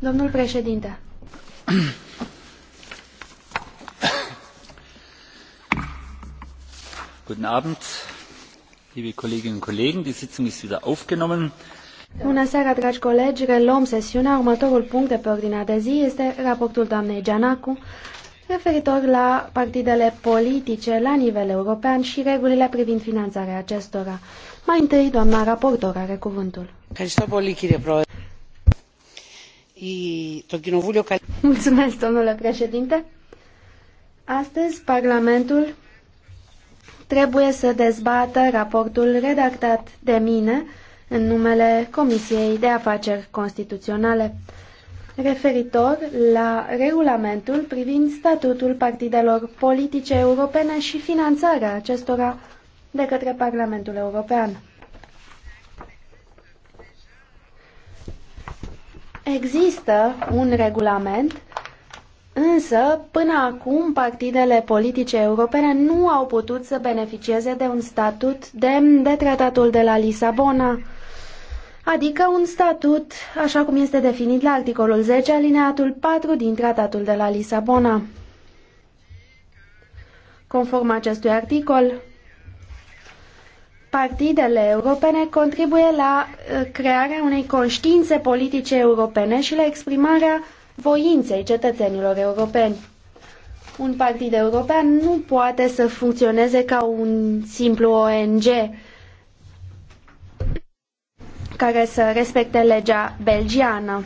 Domnul președinte. Bună seara, dragi colegi. Reluăm sesiunea. Următorul punct de pe ordinea de zi este raportul doamnei Gianacu referitor la partidele politice la nivel european și regulile privind finanțarea acestora. Mai întâi, doamna raportor are cuvântul. Mulțumesc, domnule președinte. Astăzi, Parlamentul trebuie să dezbată raportul redactat de mine în numele Comisiei de Afaceri Constituționale referitor la regulamentul privind statutul partidelor politice europene și finanțarea acestora de către Parlamentul European. Există un regulament, însă până acum partidele politice europene nu au putut să beneficieze de un statut demn de tratatul de la Lisabona, adică un statut așa cum este definit la articolul 10 alineatul 4 din tratatul de la Lisabona. Conform acestui articol, partidele europene contribuie la uh, crearea unei conștiințe politice europene și la exprimarea voinței cetățenilor europeni. Un partid european nu poate să funcționeze ca un simplu ONG care să respecte legea belgiană.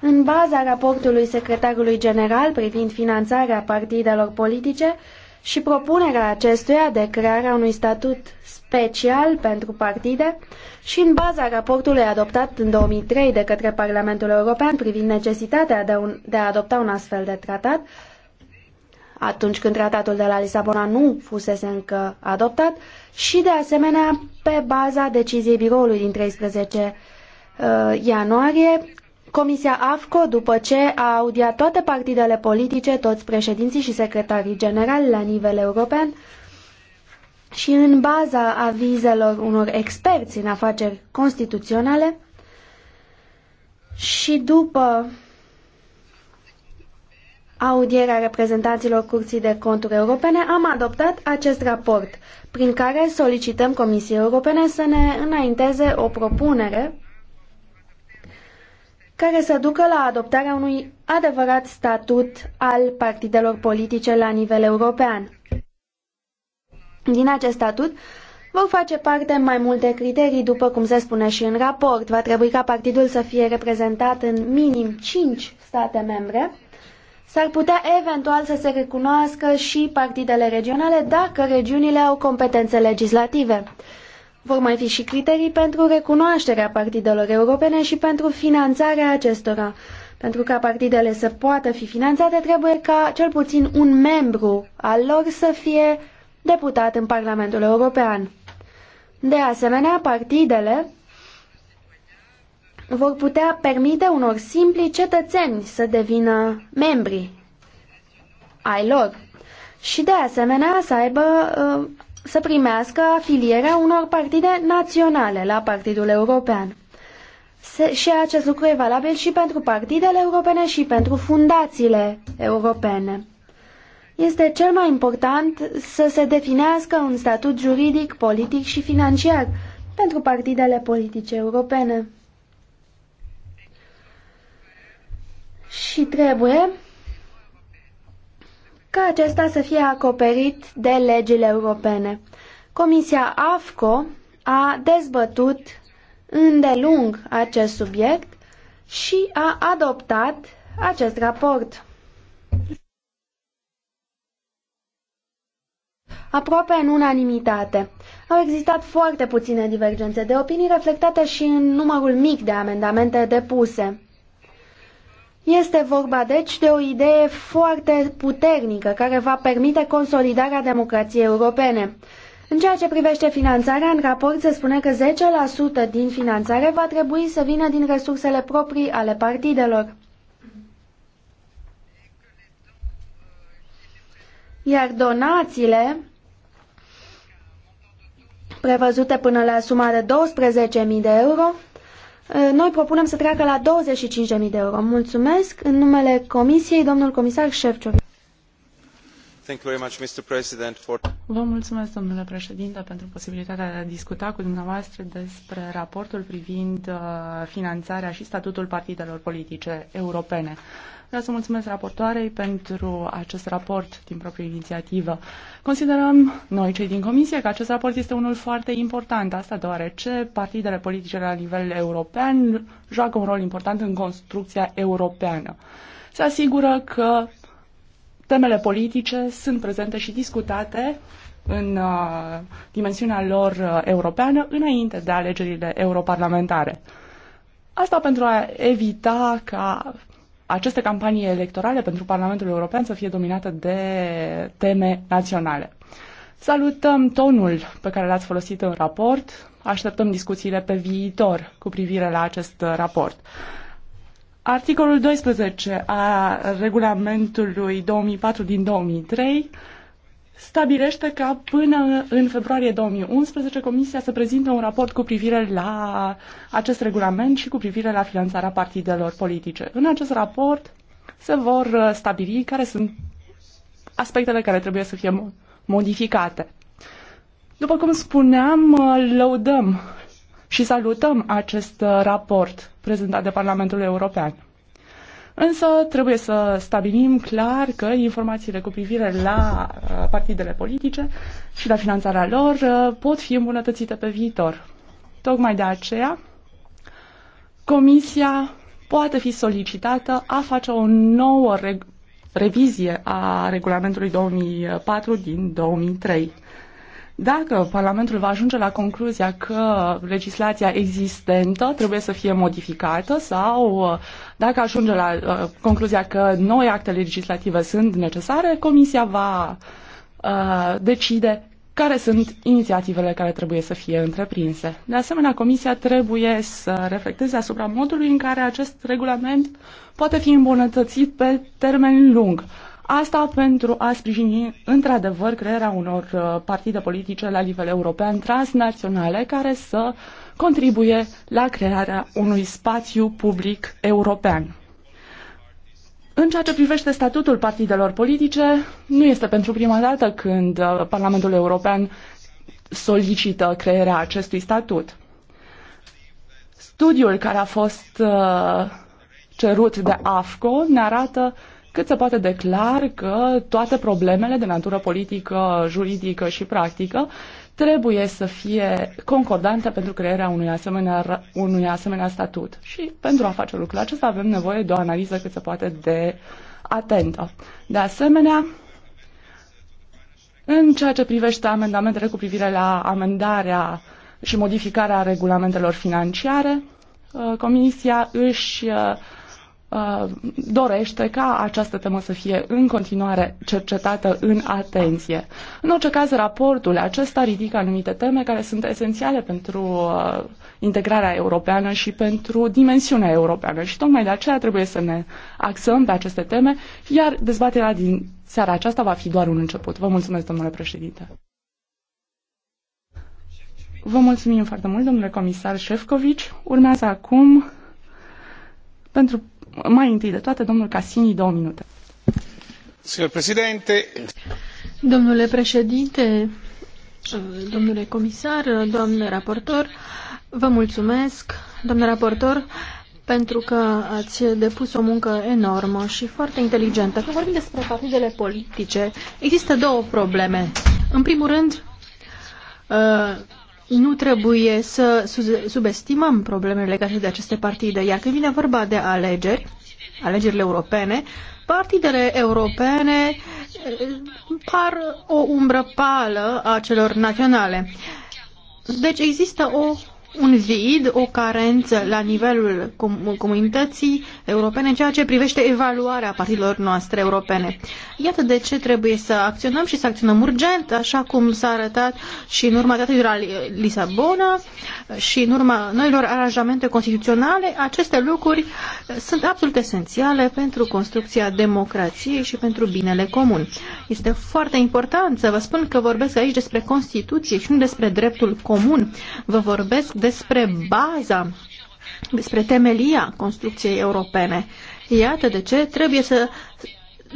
În baza raportului secretarului general privind finanțarea partidelor politice, și propunerea acestuia de crearea unui statut special pentru partide și în baza raportului adoptat în 2003 de către Parlamentul European privind necesitatea de, un, de a adopta un astfel de tratat, atunci când tratatul de la Lisabona nu fusese încă adoptat și, de asemenea, pe baza deciziei biroului din 13 uh, ianuarie, Comisia AFCO, după ce a audiat toate partidele politice, toți președinții și secretarii generali la nivel european, și în baza avizelor unor experți în afaceri constituționale și după audierea reprezentanților Curții de Conturi Europene, am adoptat acest raport, prin care solicităm Comisiei Europene să ne înainteze o propunere care să ducă la adoptarea unui adevărat statut al partidelor politice la nivel european. Din acest statut vor face parte mai multe criterii, după cum se spune și în raport. Va trebui ca partidul să fie reprezentat în minim 5 state membre. S-ar putea eventual să se recunoască și partidele regionale dacă regiunile au competențe legislative. Vor mai fi și criterii pentru recunoașterea partidelor europene și pentru finanțarea acestora. Pentru ca partidele să poată fi finanțate, trebuie ca cel puțin un membru al lor să fie deputat în Parlamentul European. De asemenea, partidele vor putea permite unor simpli cetățeni să devină membri ai lor și de asemenea să aibă uh, să primească afilierea unor partide naționale la Partidul European. Se, și acest lucru e valabil și pentru partidele europene și pentru fundațiile europene. Este cel mai important să se definească un statut juridic, politic și financiar pentru partidele politice europene. Și trebuie ca acesta să fie acoperit de legile europene. Comisia AFCO a dezbătut îndelung acest subiect și a adoptat acest raport. Aproape în unanimitate. Au existat foarte puține divergențe de opinii reflectate și în numărul mic de amendamente depuse. Este vorba deci de o idee foarte puternică care va permite consolidarea democrației europene. În ceea ce privește finanțarea, în raport se spune că 10% din finanțare va trebui să vină din resursele proprii ale partidelor. Iar donațiile prevăzute până la suma de 12.000 de euro Eh, noi propunem să treacă la 25.000 de euro. Mulțumesc. În numele Comisiei, domnul comisar Șefciovic. Vă mulțumesc, domnule președinte, pentru posibilitatea de a discuta cu dumneavoastră despre raportul privind eh, finanțarea și statutul partidelor politice europene. Vreau să mulțumesc raportoarei pentru acest raport din proprie inițiativă. Considerăm noi, cei din Comisie, că acest raport este unul foarte important, asta deoarece partidele politice la nivel european joacă un rol important în construcția europeană. Se asigură că temele politice sunt prezente și discutate în uh, dimensiunea lor uh, europeană înainte de alegerile europarlamentare. Asta pentru a evita ca aceste campanii electorale pentru Parlamentul European să fie dominată de teme naționale. Salutăm tonul pe care l-ați folosit în raport, așteptăm discuțiile pe viitor cu privire la acest raport. Articolul 12 a regulamentului 2004 din 2003 stabilește ca până în februarie 2011 Comisia să prezinte un raport cu privire la acest regulament și cu privire la finanțarea partidelor politice. În acest raport se vor uh, stabili care sunt aspectele care trebuie să fie modificate. După cum spuneam, uh, lăudăm și salutăm acest uh, raport prezentat de Parlamentul European. Însă trebuie să stabilim clar că informațiile cu privire la uh, partidele politice și la finanțarea lor uh, pot fi îmbunătățite pe viitor. Tocmai de aceea, Comisia poate fi solicitată a face o nouă revizie a regulamentului 2004 din 2003. Dacă Parlamentul va ajunge la concluzia că legislația existentă trebuie să fie modificată sau uh, dacă ajunge la uh, concluzia că noi acte legislative sunt necesare, Comisia va uh, decide care sunt inițiativele care trebuie să fie întreprinse. De asemenea, Comisia trebuie să reflecteze asupra modului în care acest regulament poate fi îmbunătățit pe termen lung. Asta pentru a sprijini, într-adevăr, crearea unor uh, partide politice la nivel european transnaționale care să contribuie la crearea unui spațiu public european. În ceea ce privește statutul partidelor politice, nu este pentru prima dată când uh, Parlamentul European solicită crearea acestui statut. Studiul care a fost uh, cerut de AFCO ne arată cât se poate declar că toate problemele de natură politică, juridică și practică trebuie să fie concordante pentru crearea unui asemenea, unui asemenea statut. Și pentru a face lucrul acesta avem nevoie de o analiză cât se poate de atentă. De asemenea, în ceea ce privește amendamentele cu privire la amendarea și modificarea regulamentelor financiare, uh, Comisia își uh, Uh, dorește ca această temă să fie în continuare cercetată în atenție. În orice caz, raportul acesta ridică anumite teme care sunt esențiale pentru uh, integrarea europeană și pentru dimensiunea europeană și tocmai de aceea trebuie să ne axăm pe aceste teme, iar dezbaterea din seara aceasta va fi doar un început. Vă mulțumesc, domnule președinte. Vă mulțumim foarte mult, domnule comisar Șefcovici. Urmează acum pentru mai întâi de toate, domnul Cassini două minute. președinte, Domnule președinte, domnule comisar, doamnă raportor, vă mulțumesc, doamnă raportor, pentru că ați depus o muncă enormă și foarte inteligentă. Când vorbim despre partidele politice, există două probleme. În primul rând, nu trebuie să subestimăm problemele legate de aceste partide, iar când vine vorba de alegeri, alegerile europene, partidele europene eh, par o umbră pală a celor naționale. Deci există o un vid, o carență la nivelul comunității europene în ceea ce privește evaluarea partidelor noastre europene. Iată de ce trebuie să acționăm și să acționăm urgent, așa cum s-a arătat și în urma datului la Lisabona și în urma noilor aranjamente constituționale. Aceste lucruri sunt absolut esențiale pentru construcția democrației și pentru binele comun. Este foarte important să vă spun că vorbesc aici despre Constituție și nu despre dreptul comun. Vă vorbesc despre baza, despre temelia construcției europene. Iată de ce trebuie să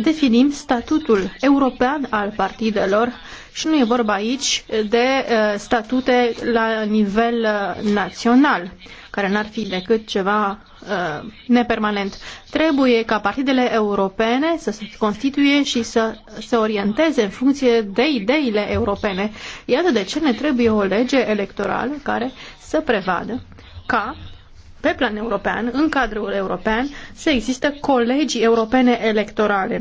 definim statutul european al partidelor și nu e vorba aici de uh, statute la nivel uh, național, care n-ar fi decât ceva uh, nepermanent. Trebuie ca partidele europene să se constituie și să se orienteze în funcție de ideile europene. Iată de ce ne trebuie o lege electorală care să prevadă ca pe plan european, în cadrul european, să există colegii europene electorale.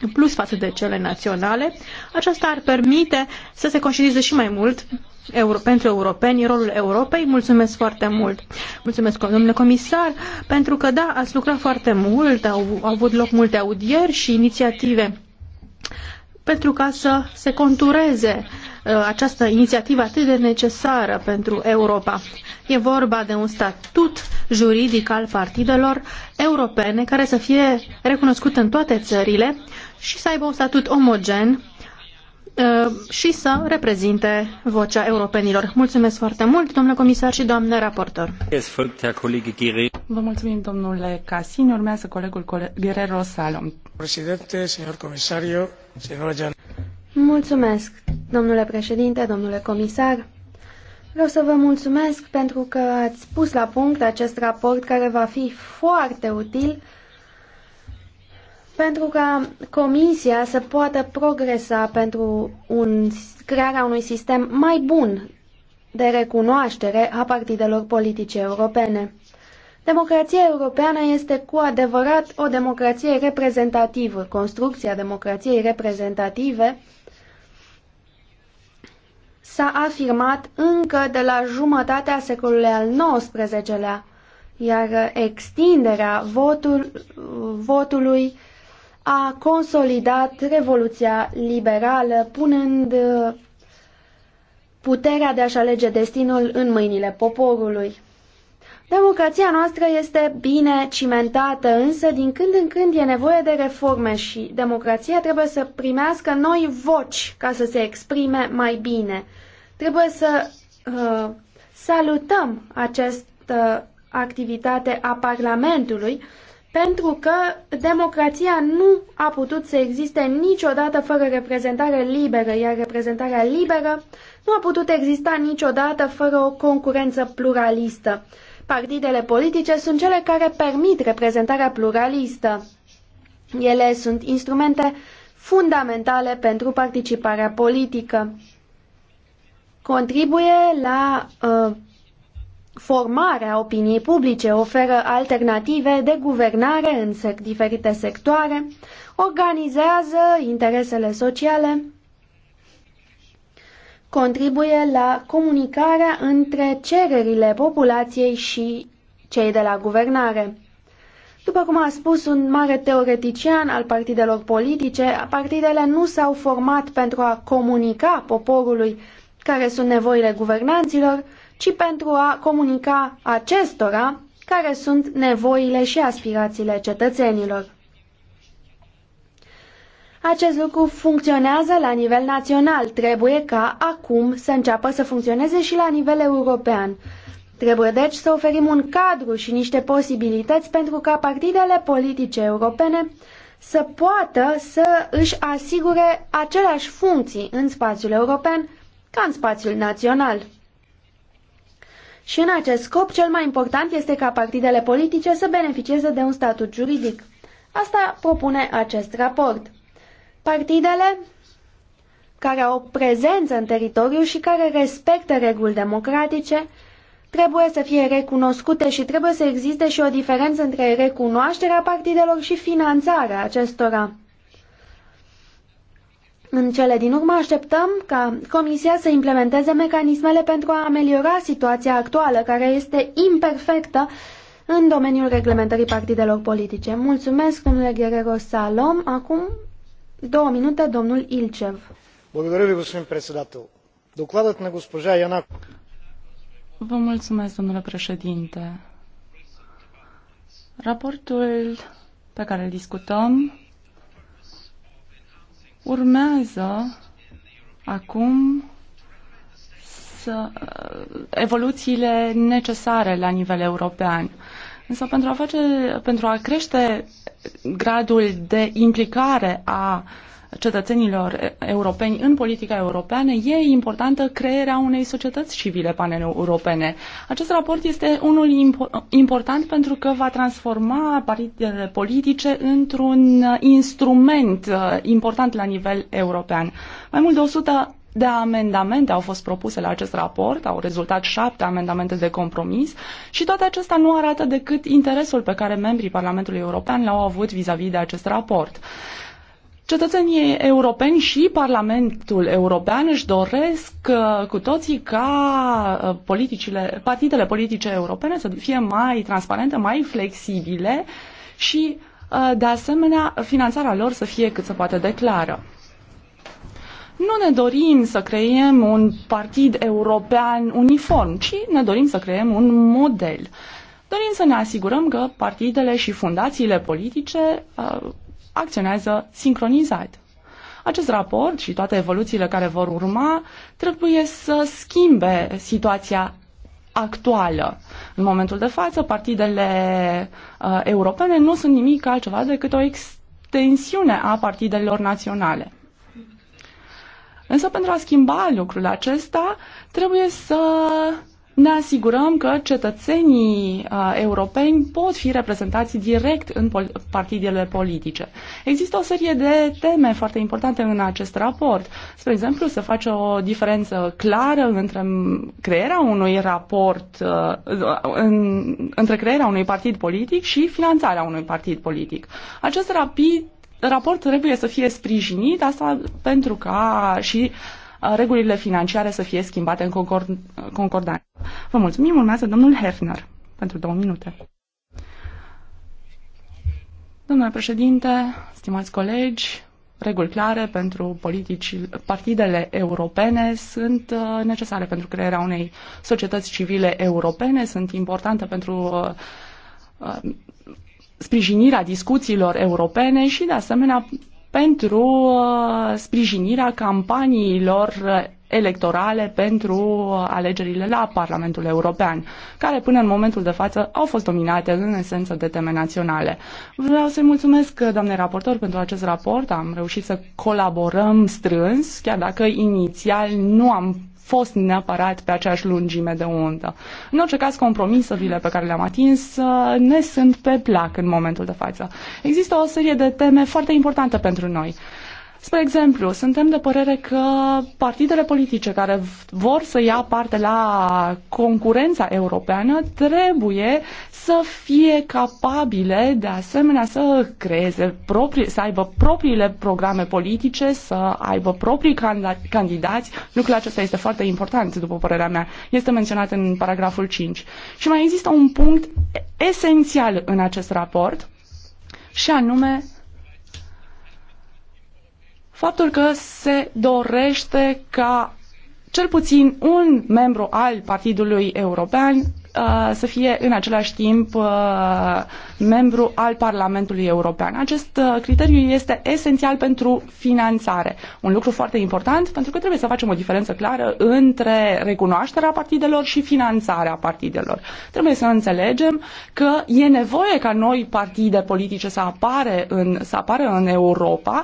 În plus față de cele naționale, aceasta ar permite să se conștientize și mai mult euro, pentru europeni rolul Europei. Mulțumesc foarte mult! Mulțumesc, domnule comisar, pentru că, da, ați lucrat foarte mult, au, au avut loc multe audieri și inițiative pentru ca să se contureze uh, Uh, această inițiativă atât de necesară pentru Europa. E vorba de un statut juridic al partidelor europene care să fie recunoscut în toate țările și să aibă un statut omogen uh, și să reprezinte vocea europenilor. Mulțumesc foarte mult, domnule comisar și doamnă raportor. Vă mulțumim, domnule Casin. Urmează colegul Guerrero Salom. Președinte, senor Comisar, Mulțumesc, Domnule președinte, domnule comisar, vreau să vă mulțumesc pentru că ați pus la punct acest raport care va fi foarte util pentru ca Comisia să poată progresa pentru un, crearea unui sistem mai bun de recunoaștere a partidelor politice europene. Democrația europeană este cu adevărat o democrație reprezentativă. Construcția democrației reprezentative s-a afirmat încă de la jumătatea secolului al XIX-lea, iar extinderea votul, votului a consolidat Revoluția Liberală, punând puterea de a-și alege destinul în mâinile poporului. Democrația noastră este bine cimentată, însă din când în când e nevoie de reforme și democrația trebuie să primească noi voci ca să se exprime mai bine. Trebuie să uh, salutăm această activitate a Parlamentului pentru că democrația nu a putut să existe niciodată fără reprezentare liberă, iar reprezentarea liberă nu a putut exista niciodată fără o concurență pluralistă. Partidele politice sunt cele care permit reprezentarea pluralistă. Ele sunt instrumente fundamentale pentru participarea politică. Contribuie la uh, formarea opiniei publice, oferă alternative de guvernare în diferite sectoare, organizează interesele sociale contribuie la comunicarea între cererile populației și cei de la guvernare. După cum a spus un mare teoretician al partidelor politice, partidele nu s-au format pentru a comunica poporului care sunt nevoile guvernanților, ci pentru a comunica acestora care sunt nevoile și aspirațiile cetățenilor. Acest lucru funcționează la nivel național. Trebuie ca acum să înceapă să funcționeze și la nivel european. Trebuie deci să oferim un cadru și niște posibilități pentru ca partidele politice europene să poată să își asigure aceleași funcții în spațiul european ca în spațiul național. Și în acest scop, cel mai important este ca partidele politice să beneficieze de un statut juridic. Asta propune acest raport. Partidele care au prezență în teritoriu și care respectă reguli democratice trebuie să fie recunoscute și trebuie să existe și o diferență între recunoașterea partidelor și finanțarea acestora. În cele din urmă așteptăm ca Comisia să implementeze mecanismele pentru a ameliora situația actuală, care este imperfectă în domeniul reglementării partidelor politice. Mulțumesc, domnule Guerrero Salom. Acum Două minute, domnul Ilcev. Благодаря ви, господин председател. Докладът на госпожа Vă mulțumesc, domnule președinte. Raportul pe care îl discutăm urmează acum să, evoluțiile necesare la nivel european. Însă pentru a, face, pentru a crește gradul de implicare a cetățenilor europeni în politica europeană, e importantă crearea unei societăți civile paneuropene. Acest raport este unul impo- important pentru că va transforma partidele politice într-un uh, instrument uh, important la nivel european. Mai mult de 100 de amendamente au fost propuse la acest raport, au rezultat șapte amendamente de compromis și toate acestea nu arată decât interesul pe care membrii Parlamentului European l-au avut vis-a-vis -vis de acest raport. Cetățenii europeni și Parlamentul European își doresc uh, cu toții ca uh, politicile, partidele politice europene să fie mai transparente, mai flexibile și, uh, de asemenea, finanțarea lor să fie cât se poate de clară. Nu ne dorim să creiem un partid european uniform, ci ne dorim să creiem un model. Dorim să ne asigurăm că partidele și fundațiile politice uh, acționează sincronizat. Acest raport și toate evoluțiile care vor urma trebuie să schimbe situația actuală. În momentul de față, partidele uh, europene nu sunt nimic altceva decât o extensiune a partidelor naționale. Însă pentru a schimba lucrul acesta trebuie să ne asigurăm că cetățenii uh, europeni pot fi reprezentați direct în pol- partidele politice. Există o serie de teme foarte importante în acest raport. Spre exemplu, se face o diferență clară între crearea unui raport, uh, în, între crearea unui partid politic și finanțarea unui partid politic. Acest rapid raport trebuie să fie sprijinit, asta pentru ca și uh, regulile financiare să fie schimbate în concord, concordanță. Vă mulțumim, urmează domnul Hefner pentru două minute. Domnule președinte, stimați colegi, reguli clare pentru politici, partidele europene sunt uh, necesare pentru crearea unei societăți civile europene, sunt importante pentru uh, sprijinirea discuțiilor europene și, de asemenea, pentru uh, sprijinirea campaniilor electorale pentru uh, alegerile la Parlamentul European, care până în momentul de față au fost dominate în esență de teme naționale. Vreau să-i mulțumesc, uh, doamne raportor, pentru acest raport. Am reușit să colaborăm strâns, chiar dacă inițial nu am fost neapărat pe aceeași lungime de undă. În orice caz, compromisurile pe care le-am atins uh, ne sunt pe plac în momentul de față. Există o serie de teme foarte importante pentru noi. Spre exemplu, suntem de părere că partidele politice care vor să ia parte la concurența europeană trebuie să fie capabile de asemenea să creeze proprii, să aibă propriile programe politice, să aibă proprii candidați. Lucrul acesta este foarte important, după părerea mea. Este menționat în paragraful 5. Și mai există un punct esențial în acest raport și anume faptul că se dorește ca cel puțin un membru al Partidului European uh, să fie în același timp uh, membru al Parlamentului European. Acest uh, criteriu este esențial pentru finanțare. Un lucru foarte important pentru că trebuie să facem o diferență clară între recunoașterea partidelor și finanțarea partidelor. Trebuie să înțelegem că e nevoie ca noi partide politice să, apare în, să apară în Europa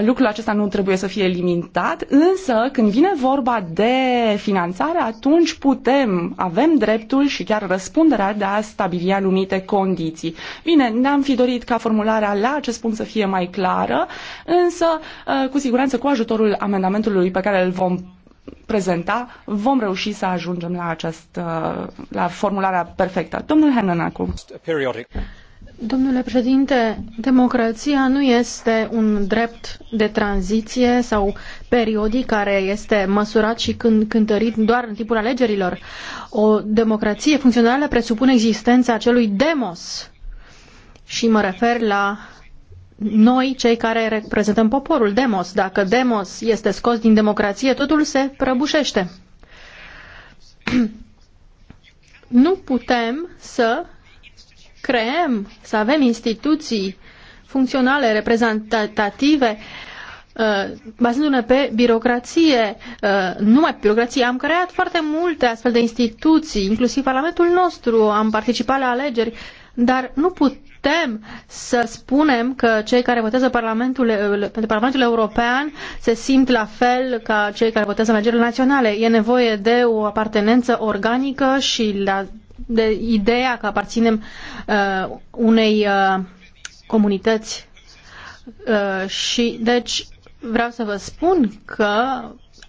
Lucrul acesta nu trebuie să fie limitat, însă când vine vorba de finanțare, atunci putem, avem dreptul și chiar răspunderea de a stabili anumite condiții. Bine, ne-am fi dorit ca formularea la acest punct să fie mai clară, însă ă, cu siguranță cu ajutorul amendamentului pe care îl vom prezenta, vom reuși să ajungem la, acest, ă, la formularea perfectă. Domnul Hennen acum. Domnule președinte, democrația nu este un drept de tranziție sau periodic care este măsurat și când cântărit doar în timpul alegerilor. O democrație funcțională presupune existența acelui demos și mă refer la noi, cei care reprezentăm poporul, demos. Dacă demos este scos din democrație, totul se prăbușește. Nu putem să creăm, să avem instituții funcționale, reprezentative, uh, bazându-ne pe birocrație, uh, numai pe birocrație, am creat foarte multe astfel de instituții, inclusiv Parlamentul nostru, am participat la alegeri, dar nu putem să spunem că cei care votează Parlamentul, pentru Parlamentul European se simt la fel ca cei care votează alegerile naționale. E nevoie de o apartenență organică și la de ideea că aparținem uh, unei uh, comunități uh, și deci vreau să vă spun că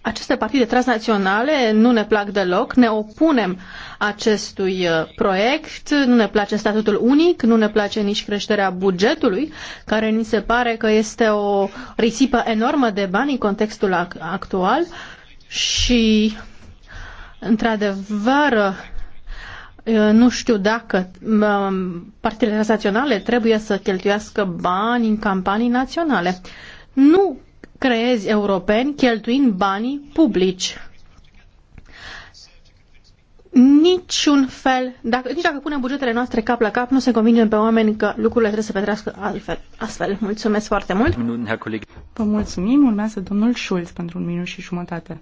aceste partide transnaționale nu ne plac deloc, ne opunem acestui uh, proiect, nu ne place statutul unic, nu ne place nici creșterea bugetului, care ni se pare că este o risipă enormă de bani în contextul actual și, într-adevăr, Eh, nu știu dacă um, partidele naționale trebuie să cheltuiască bani în campanii naționale. Nu creezi europeni cheltuind banii publici. Niciun fel, dacă, nici dacă punem bugetele noastre cap la cap, nu se convingem pe oameni că lucrurile trebuie să petrească altfel. Astfel, mulțumesc foarte mult. Vă mulțumim, urmează domnul Schulz pentru un minut și jumătate.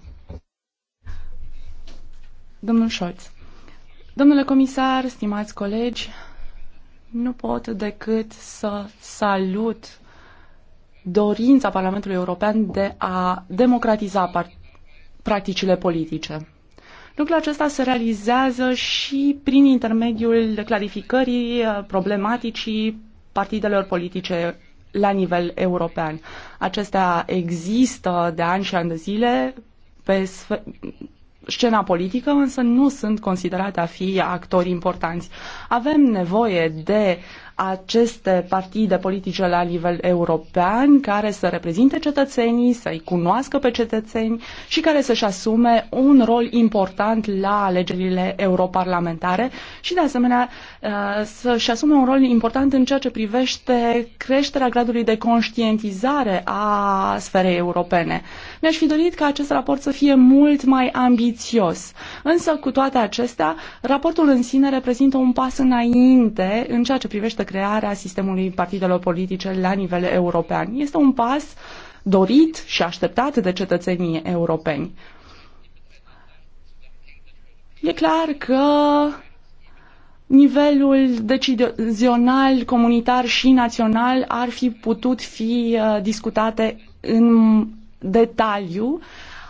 Domnul Scholz. Domnule comisar, stimați colegi, nu pot decât să salut dorința Parlamentului European de a democratiza practicile politice. Lucrul acesta se realizează și prin intermediul clarificării uh, problematicii partidelor politice la nivel european. Acestea există de ani și ani de zile pe scena politică, însă nu sunt considerate a fi actori importanți. Avem nevoie de aceste partide politice la nivel european care să reprezinte cetățenii, să-i cunoască pe cetățeni și care să-și asume un rol important la alegerile europarlamentare și de asemenea uh, să-și asume un rol important în ceea ce privește creșterea gradului de conștientizare a sferei europene. Mi-aș fi dorit ca acest raport să fie mult mai ambițios. Însă, cu toate acestea, raportul în sine reprezintă un pas înainte în ceea ce privește crearea sistemului partidelor politice la nivel european. Este un pas dorit și așteptat de cetățenii europeni. E clar că nivelul decizional, comunitar și național ar fi putut fi uh, discutate în detaliu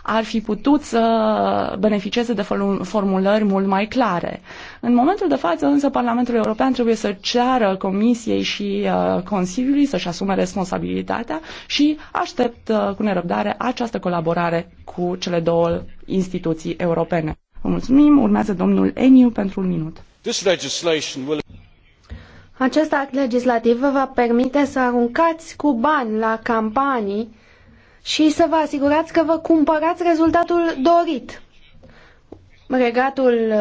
ar fi putut să beneficieze de formulări mult mai clare. În momentul de față, însă, Parlamentul European trebuie să ceară Comisiei și uh, Consiliului să-și asume responsabilitatea și aștept uh, cu nerăbdare această colaborare cu cele două instituții europene. Vă mulțumim. Urmează domnul Eniu pentru un minut. Acest act legislativ vă va permite să aruncați cu bani la campanii și să vă asigurați că vă cumpărați rezultatul dorit. Regatul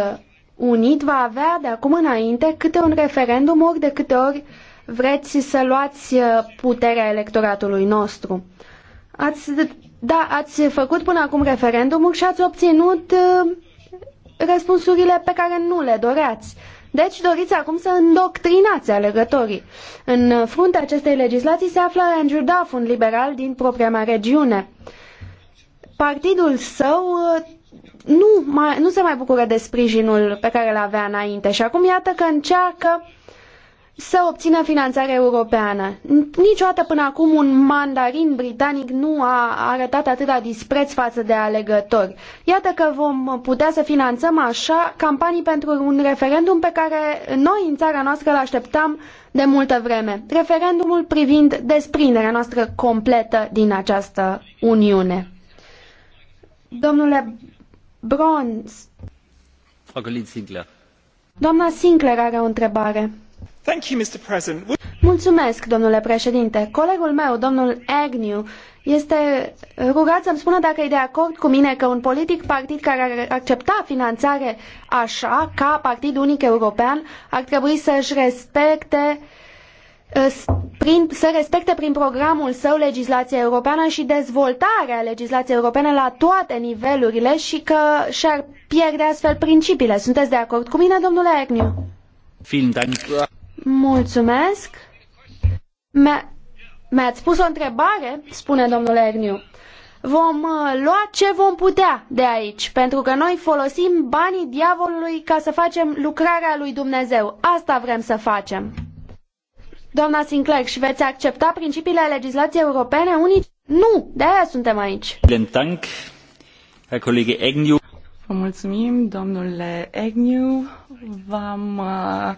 Unit va avea de acum înainte câte un referendum ori de câte ori vreți să luați uh, puterea electoratului nostru. Ați, da, ați făcut până acum referendumul și ați obținut uh, răspunsurile pe care nu le doreați. Deci doriți acum să îndoctrinați alegătorii. În fruntea acestei legislații se află Andrew Duff, un liberal din propria mea regiune. Partidul său uh, nu, mai, nu se mai bucură de sprijinul pe care îl avea înainte și acum iată că încearcă să obțină finanțare europeană. Niciodată până acum un mandarin britanic nu a arătat atâta dispreț față de alegători. Iată că vom putea să finanțăm așa campanii pentru un referendum pe care noi în țara noastră îl așteptam de multă vreme. Referendumul privind desprinderea noastră completă din această Uniune. Domnule Bronz. Doamna Sinclair are o întrebare. Mulțumesc, domnule președinte. Colegul meu, domnul Agnew, este rugat să-mi spună dacă e de acord cu mine că un politic partid care ar accepta finanțare așa, ca Partid Unic European, ar trebui să respecte prin, să respecte prin programul său legislația europeană și dezvoltarea legislației europene la toate nivelurile și că și-ar pierde astfel principiile. Sunteți de acord cu mine, domnule Agnew? Mulțumesc. Mi-ați pus o întrebare, spune domnul Erniu. Vom uh, lua ce vom putea de aici, pentru că noi folosim banii diavolului ca să facem lucrarea lui Dumnezeu. Asta vrem să facem. Doamna Sinclair, și veți accepta principiile legislației europene unice? Nu, de aia suntem aici. Vă mulțumim, domnule Egniu. V-am uh,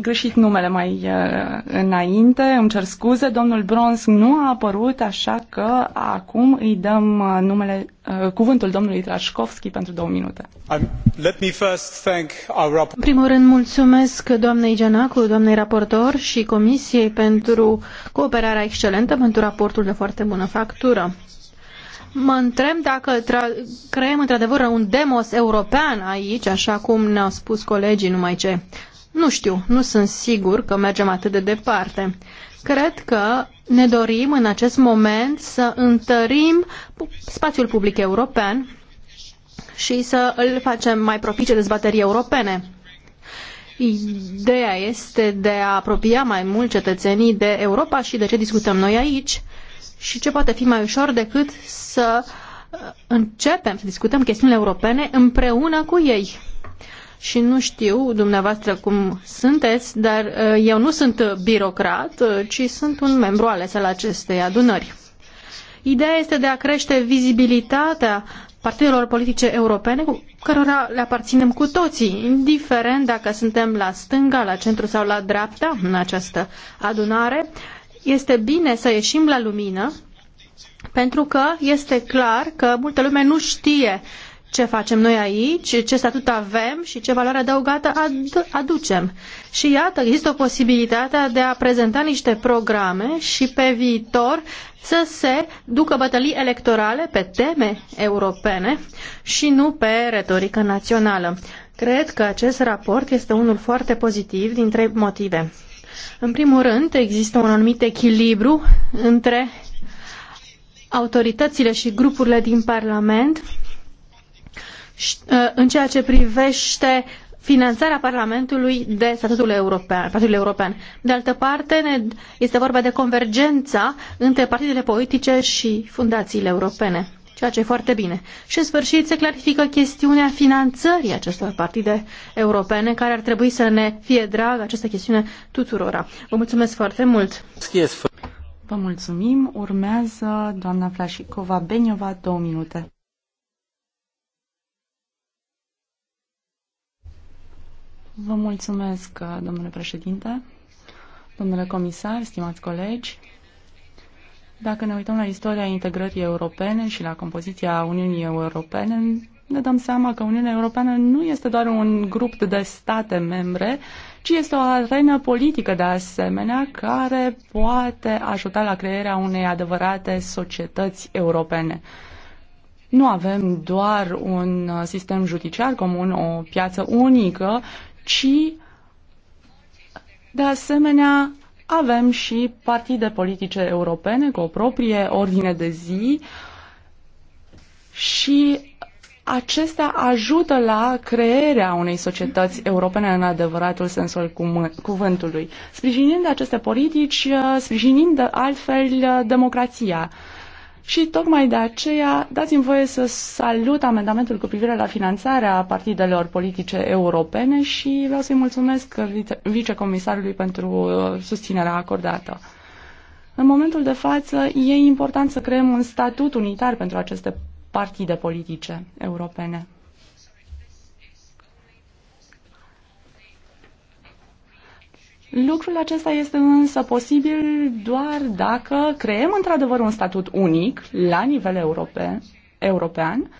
greșit numele mai uh, înainte, îmi cer scuze, domnul Brons nu a apărut, așa că acum îi dăm uh, numele, uh, cuvântul domnului Trașkovski pentru două minute. Um, let me first thank our... În primul rând mulțumesc doamnei Genacu, doamnei raportor și comisiei pentru cooperarea excelentă, pentru raportul de foarte bună factură. Mă întreb dacă creăm într-adevăr un demos european aici, așa cum ne-au spus colegii, numai ce nu știu, nu sunt sigur că mergem atât de departe. Cred că ne dorim în acest moment să întărim spațiul public european și să îl facem mai propice dezbaterii europene. Ideea este de a apropia mai mult cetățenii de Europa și de ce discutăm noi aici și ce poate fi mai ușor decât să uh, începem să discutăm chestiunile europene împreună cu ei și nu știu dumneavoastră cum sunteți, dar uh, eu nu sunt birocrat, uh, ci sunt un membru ales al acestei adunări. Ideea este de a crește vizibilitatea partidelor politice europene cu cărora le aparținem cu toții, indiferent dacă suntem la stânga, la centru sau la dreapta în această adunare. Este bine să ieșim la lumină pentru că este clar că multă lume nu știe uh, ce facem noi aici, ce statut avem și ce valoare adăugată ad- aducem. Și iată, există o posibilitate de a prezenta niște programe și pe viitor să se ducă bătălii electorale pe teme europene și nu pe retorică națională. Cred că acest raport este unul foarte pozitiv din trei motive. În primul rând, există un anumit echilibru între autoritățile și grupurile din Parlament Uh, în ceea ce privește finanțarea Parlamentului de statutul european, Partidului European. De altă parte, este vorba de convergența între partidele politice și fundațiile europene, ceea ce e foarte bine. Și, în sfârșit, se clarifică chestiunea finanțării acestor partide europene, care ar trebui să ne fie dragă această chestiune tuturora. Vă mulțumesc foarte mult! Vă mulțumim! Urmează doamna Flașicova Beniova, două minute. Vă mulțumesc, domnule președinte, domnule comisar, stimați colegi. Dacă ne uităm la istoria integrării europene și la compoziția Uniunii Europene, ne dăm seama că Uniunea Europeană nu este doar un grup de state membre, ci este o arenă politică de asemenea care poate ajuta la crearea unei adevărate societăți europene. Nu avem doar un sistem judiciar comun, o piață unică, ci de asemenea avem și partide politice europene cu o proprie ordine de zi și acestea ajută la crearea unei societăți europene în adevăratul sensul cuvântului, sprijinind aceste politici, sprijinind altfel democrația. Și tocmai de aceea dați-mi voie să salut amendamentul cu privire la finanțarea partidelor politice europene și vreau să-i mulțumesc vicecomisarului pentru uh, susținerea acordată. În momentul de față e important să creăm un statut unitar pentru aceste partide politice europene. Lucrul acesta este însă posibil doar dacă creăm într-adevăr un statut unic la nivel europe, european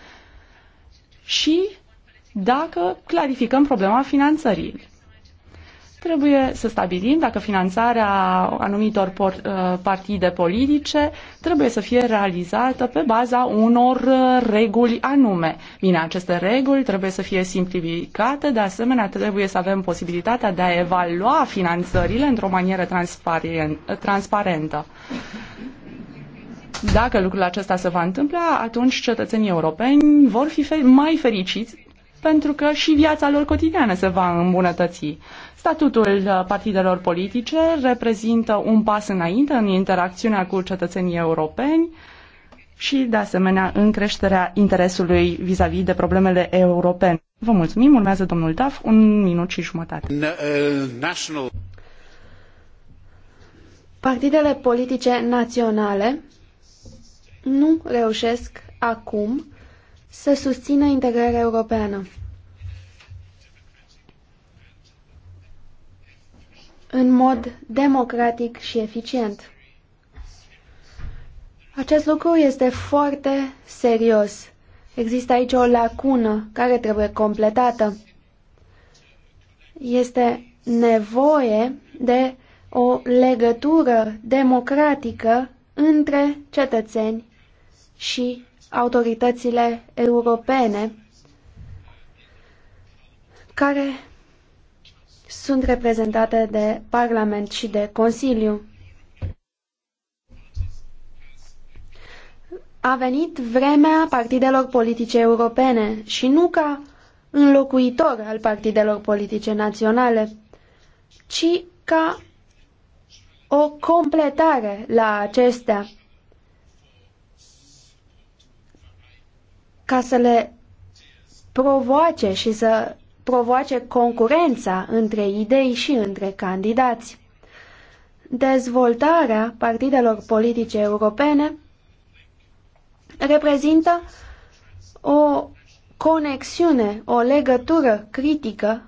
și dacă clarificăm problema finanțării. Trebuie să stabilim dacă finanțarea anumitor por- uh, partide politice trebuie să fie realizată pe baza unor uh, reguli anume. Bine, aceste reguli trebuie să fie simplificate, de asemenea trebuie să avem posibilitatea de a evalua finanțările într-o manieră transparent, transparentă. Dacă lucrul acesta se va întâmpla, atunci cetățenii europeni vor fi mai fericiți pentru că și viața lor cotidiană se va îmbunătăți. Statutul uh, partidelor politice reprezintă un pas înainte în interacțiunea cu cetățenii europeni și, de asemenea, în creșterea interesului vis-a-vis -vis de problemele europene. Vă mulțumim, urmează domnul Daf, un minut și jumătate. Uh, national. Partidele politice naționale nu reușesc acum să susțină integrarea europeană. în mod democratic și eficient. Acest lucru este foarte serios. Există aici o lacună care trebuie completată. Este nevoie de o legătură democratică între cetățeni și autoritățile europene care sunt reprezentate de Parlament și de Consiliu. A venit vremea partidelor politice europene și nu ca înlocuitor al partidelor politice naționale, ci ca o completare la acestea. ca să le provoace și să provoace concurența între idei și între candidați. Dezvoltarea partidelor politice europene reprezintă o conexiune, o legătură critică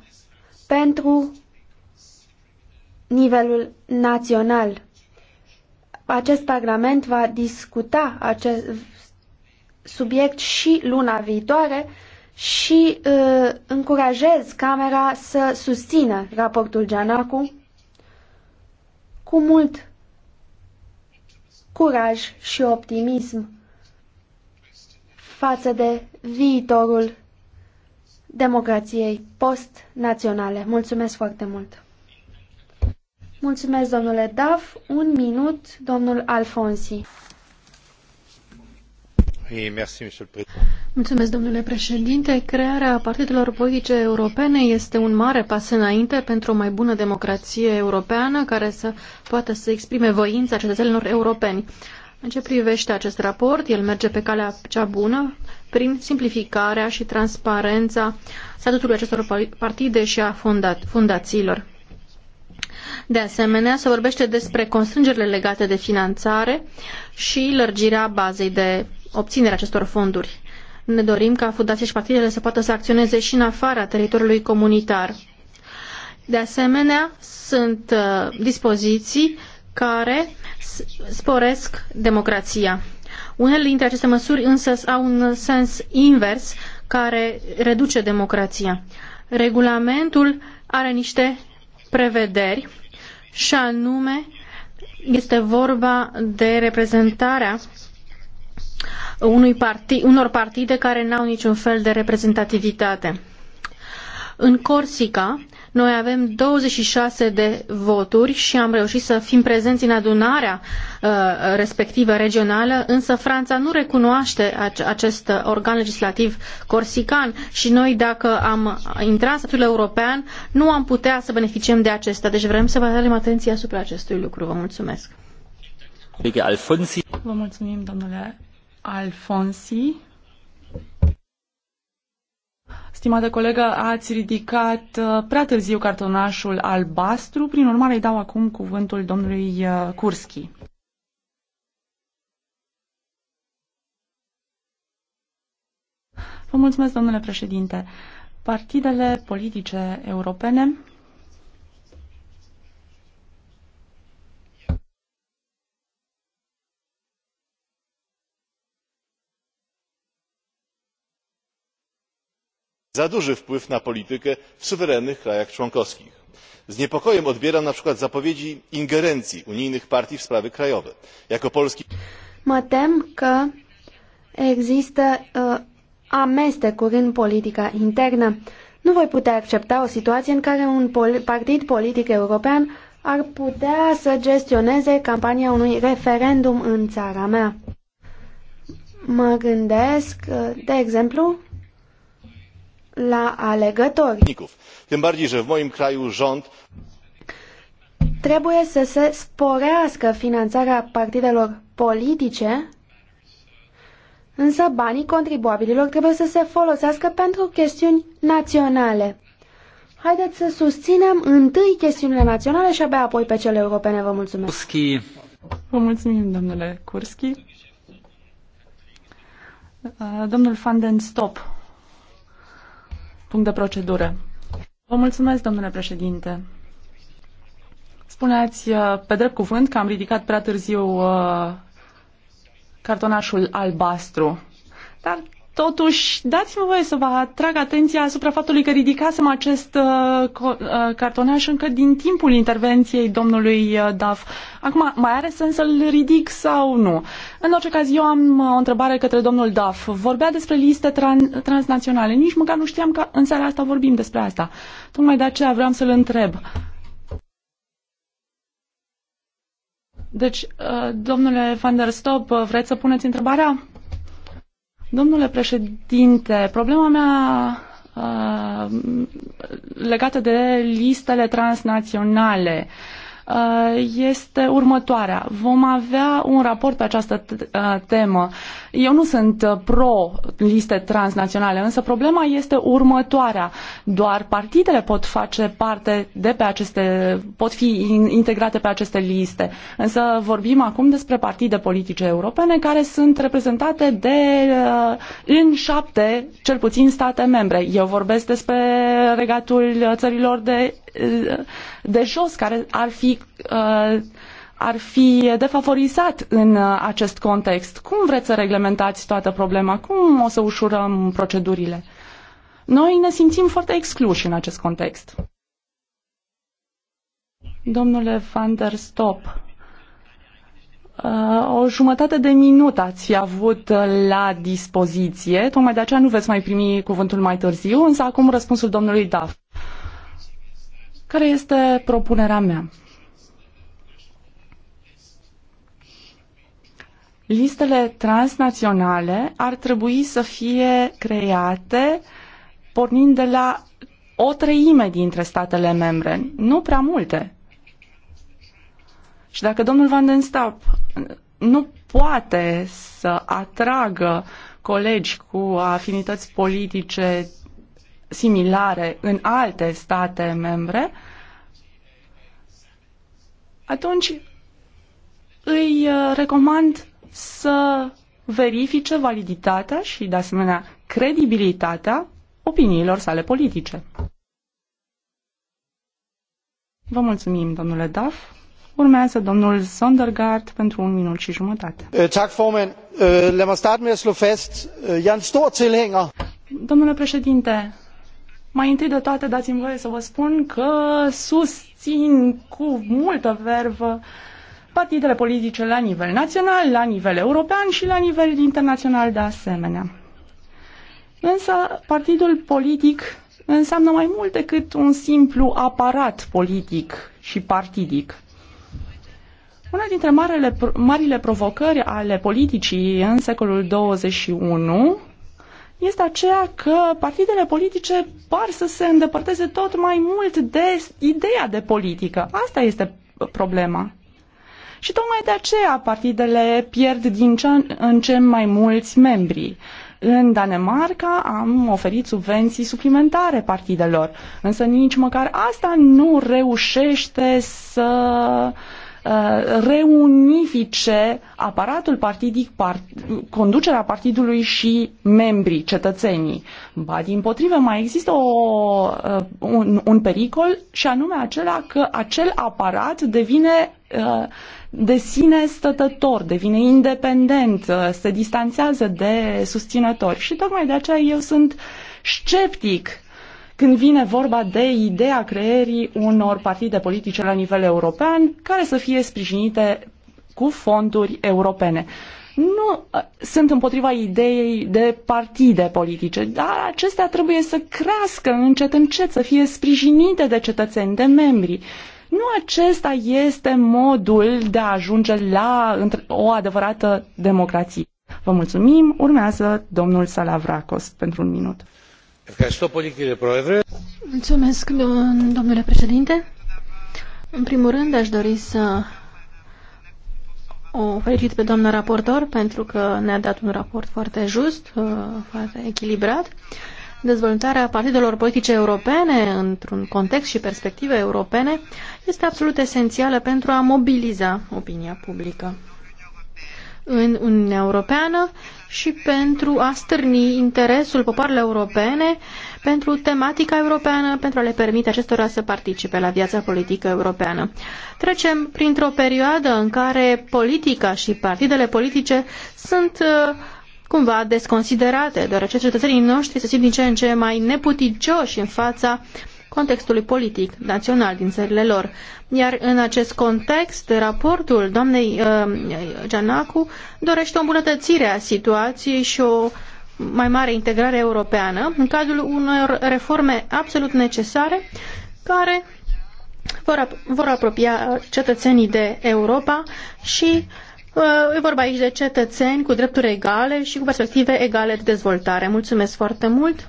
pentru nivelul național. Acest Parlament va discuta acest, subiect și luna viitoare și uh, încurajez Camera să susțină raportul Gianacu cu mult curaj și optimism față de viitorul democrației post-naționale. Mulțumesc foarte mult! Mulțumesc, domnule Daf. Un minut, domnul Alfonsi. Mulțumesc, domnule președinte. Crearea partidelor politice europene este un mare pas înainte pentru o mai bună democrație europeană care să poată să exprime voința cetățenilor europeni. În ce privește acest raport, el merge pe calea cea bună prin simplificarea și transparența statutului acestor partide și a fundațiilor. De asemenea, se vorbește despre constrângerile legate de finanțare și lărgirea bazei de obținerea acestor fonduri. Ne dorim ca fundații și partidele să poată să acționeze și în afara teritoriului comunitar. De asemenea, sunt uh, dispoziții care sporesc democrația. Unele dintre aceste măsuri însă au un sens invers care reduce democrația. Regulamentul are niște prevederi și anume este vorba de reprezentarea unui unor partide care n-au niciun fel de reprezentativitate. În Corsica, noi avem 26 de voturi și am reușit să fim prezenți în adunarea uh, respectivă regională, însă Franța nu recunoaște acest organ legislativ corsican și noi dacă am intrat în statul european nu am putea să beneficiem de acesta. Deci vrem să vă atragem atenția asupra acestui lucru. Vă mulțumesc. Vă mulțumim, domnule Alfonsi. Stimată colegă, ați ridicat uh, prea târziu cartonașul albastru, prin urmare îi dau acum cuvântul domnului uh, Kurski. Vă mulțumesc, domnule președinte. Partidele politice europene za duży wpływ na politykę w suwerennych krajach członkowskich. z niepokojem odbieram na przykład zapowiedzi ingerencji unijnych partii w sprawy krajowe. jako polski. mă tem că există uh, amestecuri în politica internă. Nu voi putea accepta o situație în care un pol partid politic european ar putea să gestioneze campania unui referendum în țara mea. Mă gândesc, uh, de exemplu, la alegători. Tym bardziej, że w moim kraju rząd trebuie să se sporească finanțarea partidelor politice, însă banii contribuabililor trebuie să se folosească pentru chestiuni naționale. Haideți să susținem întâi chestiunile naționale și abia apoi pe cele europene. Vă mulțumesc. Kurski. Vă mulțumim, domnule Kurski. Domnul Van Stop punct de procedură. Vă mulțumesc, domnule președinte. Spuneați uh, pe drept cuvânt că am ridicat prea târziu uh, cartonașul albastru. Dar Totuși, dați-mi voie să vă atrag atenția asupra faptului că ridicasem acest uh, uh cartonaș încă din timpul intervenției domnului uh, Daf. Acum, mai are sens să-l ridic sau nu? În orice caz, eu am uh, o întrebare către domnul Daf. Vorbea despre liste tran- transnaționale. Nici măcar nu știam că în seara asta vorbim despre asta. Tocmai de aceea vreau să-l întreb. Deci, uh, domnule Van der Stop, uh, vreți să puneți întrebarea? Domnule președinte, problema mea uh, legată de listele transnaționale uh, Uh, este următoarea. Vom avea un raport pe această uh, temă. Eu nu sunt uh, pro liste transnaționale, însă problema este următoarea. Doar partidele pot face parte de pe aceste, pot fi integrate pe aceste liste. Însă vorbim acum despre partide politice europene care sunt reprezentate de în șapte, cel puțin, state membre. Eu vorbesc despre regatul țărilor de de jos care ar fi uh, ar fi defavorizat în uh, acest context. Cum vreți să reglementați toată problema? Cum o să ușurăm procedurile? Noi ne simțim foarte excluși în acest context. Domnule Van der Stop, uh, o jumătate de minut ați fi avut la dispoziție, tocmai de aceea nu veți mai primi cuvântul mai târziu, însă acum răspunsul domnului Daf. Care este propunerea mea? Listele transnaționale ar trebui să fie create pornind de la o treime dintre statele membre, nu prea multe. Și dacă domnul Van den Stap nu poate să atragă colegi cu afinități politice similare în alte state membre, atunci îi uh, recomand să verifice validitatea și, de asemenea, credibilitatea opiniilor sale politice. Vă mulțumim, domnule Daf. Urmează domnul Sondergaard pentru un minut și jumătate. Eh, tak, formand. Eh, lad mig starte med at slå fast, eh, jeg er en stor tilhænger. Domnule președinte, mai întâi de toate dați-mi voie să vă spun că susțin cu multă vervă partidele politice la nivel național, la nivel european și la nivel internațional de asemenea. Însă partidul politic înseamnă mai mult decât un simplu aparat politic și partidic. Una dintre marele, marile provocări ale politicii în secolul 21 este aceea că partidele politice par să se îndepărteze tot mai mult de ideea de politică. Asta este problema. Și tocmai de aceea partidele pierd din ce în ce mai mulți membri. În Danemarca am oferit subvenții suplimentare partidelor, însă nici măcar asta nu reușește să uh, Uh, reunifice aparatul partidic, part, conducerea partidului și membrii, cetățenii. Ba, din potrivă, mai există o, uh, un, un pericol și anume acela că acel aparat devine uh, de sine stătător, devine independent, se distanțează de susținători și tocmai de aceea eu sunt sceptic când vine vorba de ideea creierii unor partide politice la nivel european care să fie sprijinite cu fonduri europene. Nu ă, sunt împotriva ideii de partide politice, dar acestea trebuie să crească încet încet, să fie sprijinite de cetățeni, de membri. Nu acesta este modul de a ajunge la o adevărată democrație. Vă mulțumim. Urmează domnul Salavracos pentru un minut președinte. În primul rând, aș dori să o felicit pe doamna raportor pentru că ne-a dat un raport foarte just, uh, foarte echilibrat. Dezvoltarea partidelor politice europene într-un context și perspective europene este absolut esențială pentru a mobiliza opinia publică în Uniunea Europeană și pentru a stârni interesul popoarelor europene pentru tematica europeană, pentru a le permite acestora să participe la viața politică europeană. Trecem printr-o perioadă în care politica și partidele politice sunt uh, cumva desconsiderate, deoarece cetățenii noștri se simt din ce în ce mai neputincioși în fața uh, contextului politic național din țările lor. Iar în acest context, raportul doamnei uh, Gianacu dorește o îmbunătățire a situației și o mai mare integrare europeană în cadrul unor reforme absolut necesare care vor, vor apropia cetățenii de Europa și uh, E vorba aici de cetățeni cu drepturi egale și cu perspective egale de dezvoltare. Mulțumesc foarte mult!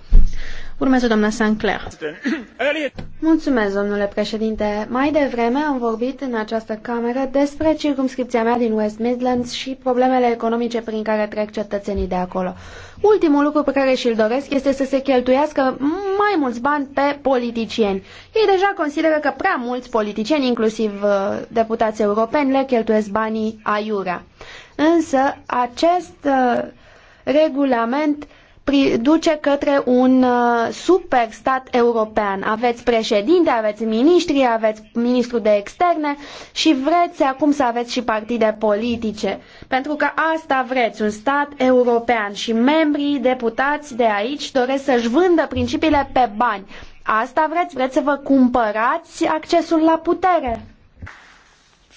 Urmează doamna Sancler. Mulțumesc, domnule președinte. Mai devreme am vorbit în această cameră despre circumscripția mea din West Midlands și problemele economice prin care trec cetățenii de acolo. Ultimul lucru pe care și-l doresc este să se cheltuiască mai mulți bani pe politicieni. Ei deja consideră că prea mulți politicieni, inclusiv uh, deputați europeni, le cheltuiesc banii aiurea. Însă acest uh, regulament duce către un uh, super stat european. Aveți președinte, aveți miniștri, aveți ministru de externe și vreți acum să aveți și partide politice. Pentru că asta vreți, un stat european și membrii deputați de aici doresc să-și vândă principiile pe bani. Asta vreți? Vreți să vă cumpărați accesul la putere?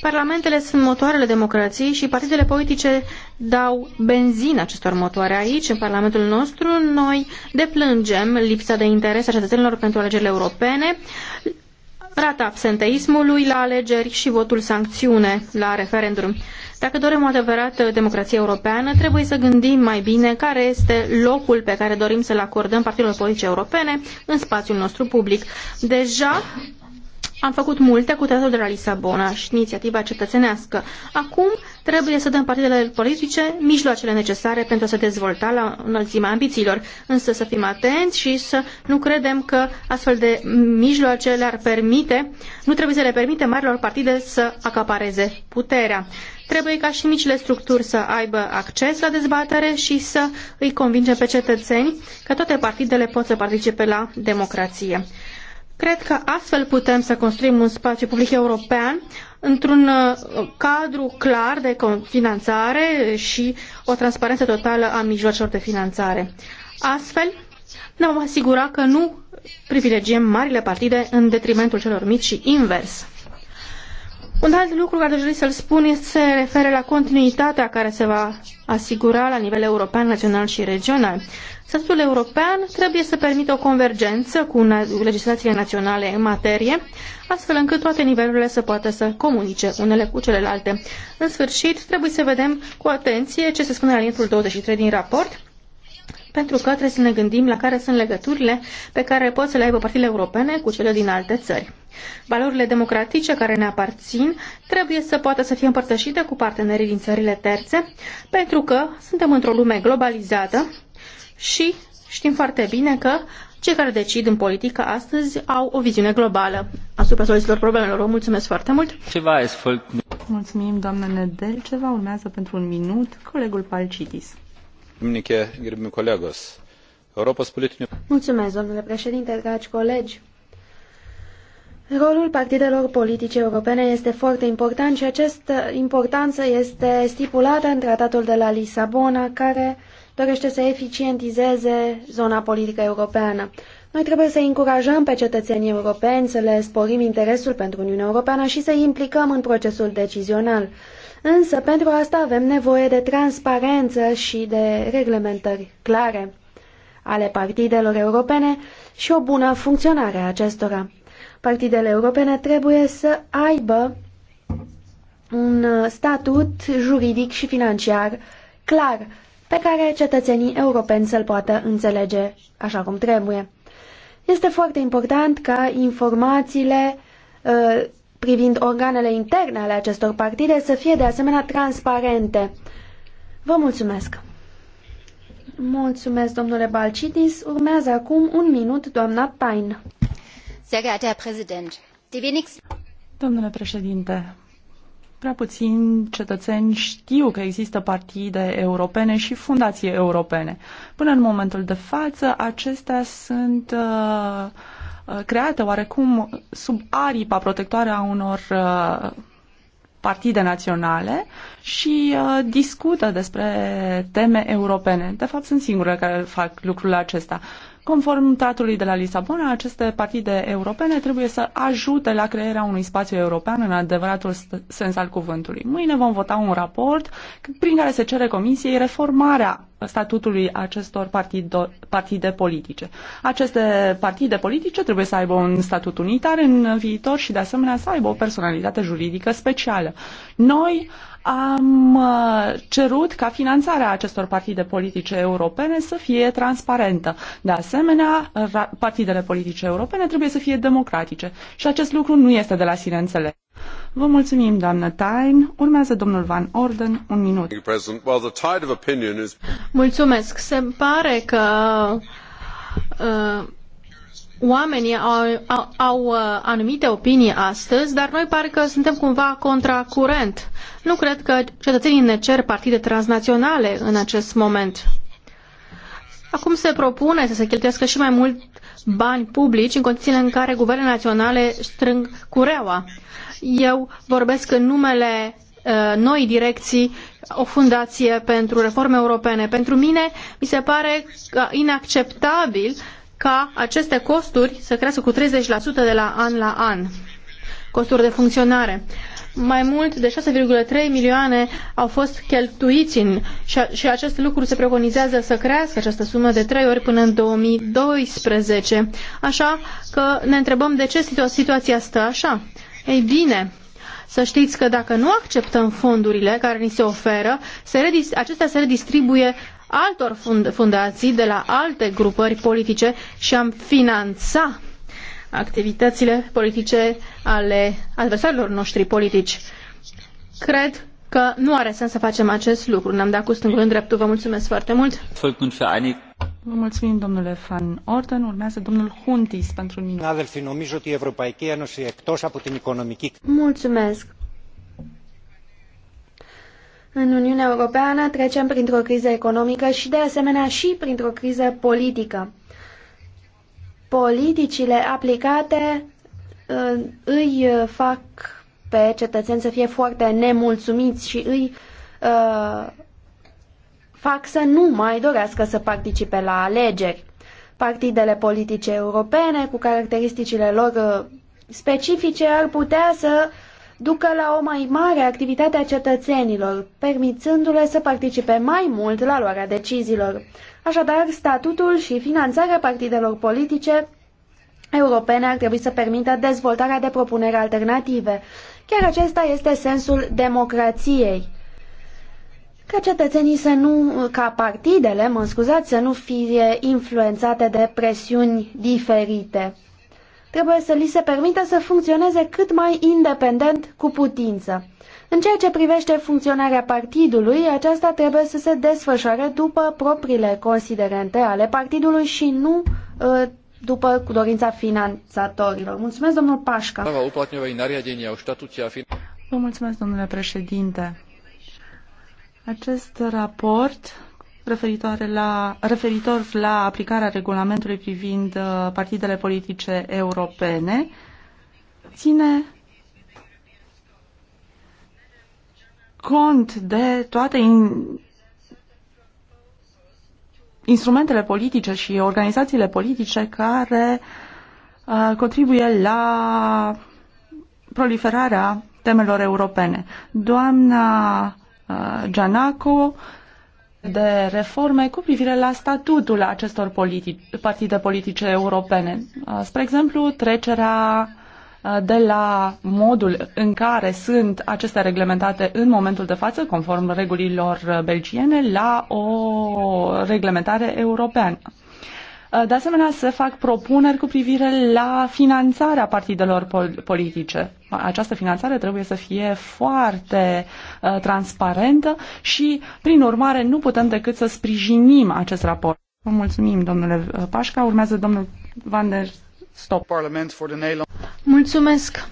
Parlamentele sunt motoarele democrației și partidele politice dau benzină acestor motoare. Aici, în Parlamentul nostru, noi deplângem lipsa de interes a cetățenilor pentru alegerile europene, rata absenteismului la alegeri și votul sancțiune la referendum. Dacă dorim o adevărată democrație europeană, trebuie să gândim mai bine care este locul pe care dorim să-l acordăm partidelor politice europene în spațiul nostru public. Deja am făcut multe cu tratatul de la Lisabona și inițiativa cetățenească. Acum trebuie să dăm partidele politice mijloacele necesare pentru a se dezvolta la înălțimea ambițiilor, însă să fim atenți și să nu credem că astfel de mijloace le-ar permite, nu trebuie să le permite marilor partide să acapareze puterea. Trebuie ca și micile structuri să aibă acces la dezbatere și să îi convingem pe cetățeni că toate partidele pot să participe la democrație. Cred că astfel putem să construim un spațiu public european într-un uh, cadru clar de finanțare și o transparență totală a mijloacelor de finanțare. Astfel, ne vom asigura că nu privilegiem marile partide în detrimentul celor mici și invers. Un alt lucru care aș dori să-l spun se referă la continuitatea care se va asigura la nivel european, național și regional. Statutul european trebuie să permită o convergență cu legislațiile naționale în materie, astfel încât toate nivelurile să poată să comunice unele cu celelalte. În sfârșit, trebuie să vedem cu atenție ce se spune la liniul 23 din raport, pentru că trebuie să ne gândim la care sunt legăturile pe care pot să le aibă partidele europene cu cele din alte țări. Valorile democratice care ne aparțin trebuie să poată să fie împărtășite cu partenerii din țările terțe, pentru că suntem într-o lume globalizată și știm foarte bine că cei care decid în politică astăzi au o viziune globală asupra soluțiilor problemelor. Vă mulțumesc foarte mult! Ceva e Mulțumim, doamnă Nedel. Ceva urmează pentru un minut. Colegul Palcitis. Mulțumesc, domnule președinte, dragi colegi. Rolul partidelor politice europene este foarte important și această uh, importanță este stipulată în tratatul de la Lisabona, care dorește să eficientizeze zona politică europeană. Noi trebuie să încurajăm pe cetățenii europeni să le sporim interesul pentru Uniunea Europeană și să îi implicăm în procesul decizional. Însă, pentru asta avem nevoie de transparență și de reglementări clare ale partidelor europene și o bună funcționare a acestora. Partidele europene trebuie să aibă un statut juridic și financiar clar, pe care cetățenii europeni să-l poată înțelege așa cum trebuie. Este foarte important ca informațiile uh, privind organele interne ale acestor partide să fie de asemenea transparente. Vă mulțumesc! Mulțumesc, domnule Balcitis. Urmează acum un minut, doamna Pain. Domnule președinte, prea puțini cetățeni știu că există partide europene și fundații europene. Până în momentul de față, acestea sunt uh, uh, create oarecum sub aripa protectoare a unor uh, partide naționale și uh, discută despre teme europene. De fapt, sunt singurele care fac lucrul acesta. Conform tratului de la Lisabona, aceste partide europene trebuie să ajute la crearea unui spațiu european în adevăratul sens al cuvântului. Mâine vom vota un raport prin care se cere Comisiei reformarea statutului acestor partido, partide politice. Aceste partide politice trebuie să aibă un statut unitar în viitor și de asemenea să aibă o personalitate juridică specială. Noi am uh, cerut ca finanțarea acestor partide politice europene să fie transparentă. De asemenea, uh, partidele politice europene trebuie să fie democratice și acest lucru nu este de la sine înțeles. Vă mulțumim, doamnă Tain. Urmează domnul Van Orden, un minut. Mulțumesc. Se pare că uh, Oamenii au, au, au uh, anumite opinii astăzi, dar noi parcă suntem cumva contracurent. Nu cred că cetățenii ne cer partide transnaționale în acest moment. Acum se propune să se cheltuiască și mai mult bani publici în condițiile în care guvernele naționale strâng cureaua. Eu vorbesc în numele uh, noi direcții, o fundație pentru reforme europene. Pentru mine mi se pare inacceptabil uh, ca aceste costuri să crească cu 30% de la an la an, costuri de funcționare. Mai mult de 6,3 milioane au fost cheltuiți în, și, și acest lucru se preconizează să crească această sumă de 3 ori până în 2012. Așa că ne întrebăm de ce situa- situația stă așa. Ei bine, să știți că dacă nu acceptăm fondurile care ni se oferă, se acestea se redistribuie altor fund fundații, de la alte grupări politice și am finanța activitățile politice ale adversarilor noștri politici. Cred că nu are sens să facem acest lucru. Ne-am dat cu stângul în dreptul. Vă mulțumesc foarte mult. Vă mulțumim, domnule Van Orden. Urmează domnul Huntis pentru un minut. Mulțumesc. În Uniunea Europeană trecem printr-o criză economică și de asemenea și printr-o criză politică. Politicile aplicate uh, îi fac pe cetățeni să fie foarte nemulțumiți și îi uh, fac să nu mai dorească să participe la alegeri. Partidele politice europene, cu caracteristicile lor uh, specifice, ar putea să uh, ducă la o mai mare activitate a cetățenilor, permițându-le să participe mai mult la luarea deciziilor. Așadar, statutul și finanțarea partidelor politice europene ar trebui să permită dezvoltarea de propuneri alternative. Chiar acesta este sensul democrației ca cetățenii să nu, ca partidele, mă scuzați, să nu fie influențate de presiuni diferite. Trebuie să li se permită să funcționeze cât mai independent cu putință. În ceea ce privește funcționarea partidului, aceasta trebuie să se desfășoare după propriile considerente ale partidului și nu ă, după cu dorința finanțatorilor. Mulțumesc, domnul Pașca. Vă mulțumesc, domnule președinte. Acest raport referitoare la, referitor la aplicarea regulamentului privind uh, partidele politice europene ține cont de toate in, instrumentele politice și organizațiile politice care uh, contribuie la proliferarea temelor europene. Doamna uh, Gianaco de reforme cu privire la statutul acestor politici, partide politice europene. Uh, spre exemplu, trecerea uh, de la modul în care sunt acestea reglementate în momentul de față, conform regulilor uh, belgiene, la o reglementare europeană. Uh, de asemenea, se fac propuneri cu privire la finanțarea partidelor politice. Această finanțare trebuie să fie foarte uh, transparentă și, prin urmare, nu putem decât să sprijinim acest raport. Vă mulțumim, domnule uh, Pașca. Urmează domnul Van der Stop. Mulțumesc.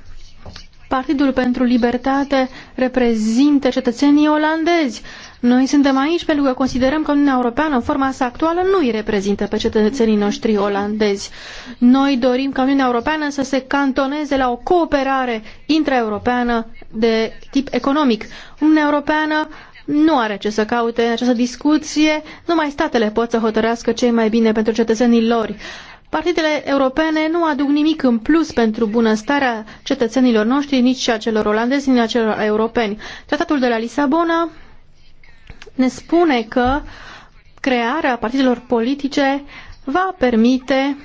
Partidul pentru Libertate reprezintă cetățenii olandezi noi suntem aici pentru că considerăm că Uniunea Europeană, în forma sa actuală, nu îi reprezintă pe cetățenii noștri olandezi. Noi dorim ca Uniunea Europeană să se cantoneze la o cooperare intraeuropeană de tip economic. Uniunea Europeană nu are ce să caute în această discuție, numai statele pot să hotărească ce e mai bine pentru cetățenii lor. Partidele europene nu aduc nimic în plus pentru bunăstarea cetățenilor noștri, nici a celor olandezi, nici a celor europeni. Tratatul de la Lisabona ne spune că crearea partidelor politice va permite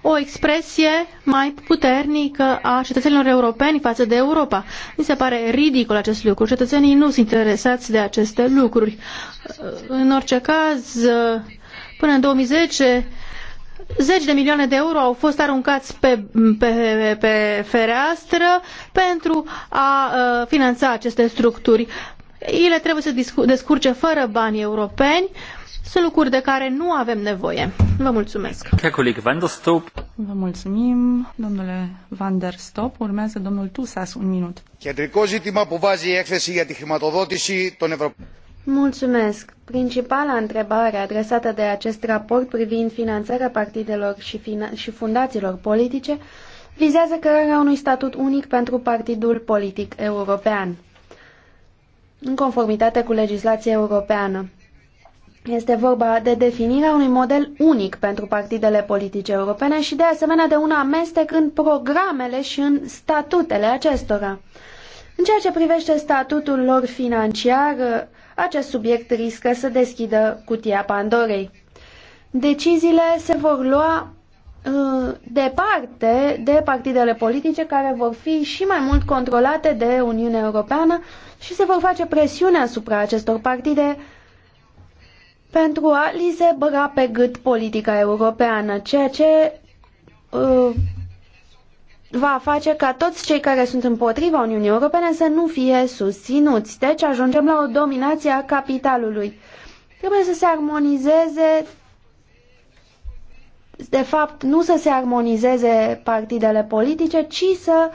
o expresie mai puternică a cetățenilor europeni față de Europa. Mi se pare ridicol acest lucru. Cetățenii nu sunt interesați de aceste lucruri. În orice caz, până în 2010, zeci de milioane de euro au fost aruncați pe, pe, pe fereastră pentru a uh, finanța aceste structuri ele trebuie să descurce fără bani europeni. Sunt lucruri de care nu avem nevoie. Vă mulțumesc. Vă mulțumim, domnule Van der Stop. Urmează domnul Tusas, un minut. Mulțumesc. Principala întrebare adresată de acest raport privind finanțarea partidelor și, și fundațiilor politice vizează crearea unui statut unic pentru Partidul Politic European în conformitate cu legislația europeană. Este vorba de definirea unui model unic pentru partidele politice europene și de asemenea de un amestec în programele și în statutele acestora. În ceea ce privește statutul lor financiar, acest subiect riscă să deschidă cutia Pandorei. Deciziile se vor lua uh, departe de partidele politice care vor fi și mai mult controlate de Uniunea Europeană și se vor face presiune asupra acestor partide pentru a li se băga pe gât politica europeană, ceea ce uh, va face ca toți cei care sunt împotriva Uniunii Europene să nu fie susținuți. Deci ajungem la o dominație a capitalului. Trebuie să se armonizeze de fapt, nu să se armonizeze partidele politice, ci să uh,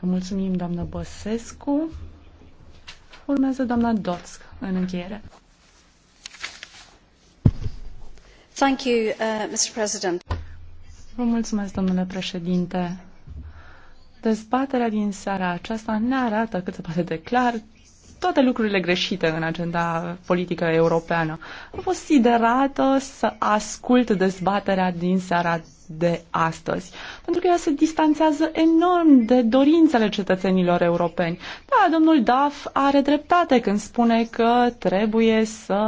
mulțumim, doamnă Băsescu. Urmează doamna Dotsk în încheiere. Uh, mulțumesc, domnule președinte. Dezbaterea din seara aceasta ne arată cât se poate de clar toate lucrurile greșite în agenda politică europeană. Am fost siderată să ascult dezbaterea din seara de astăzi, pentru că ea se distanțează enorm de dorințele cetățenilor europeni. Da, domnul Duff are dreptate când spune că trebuie să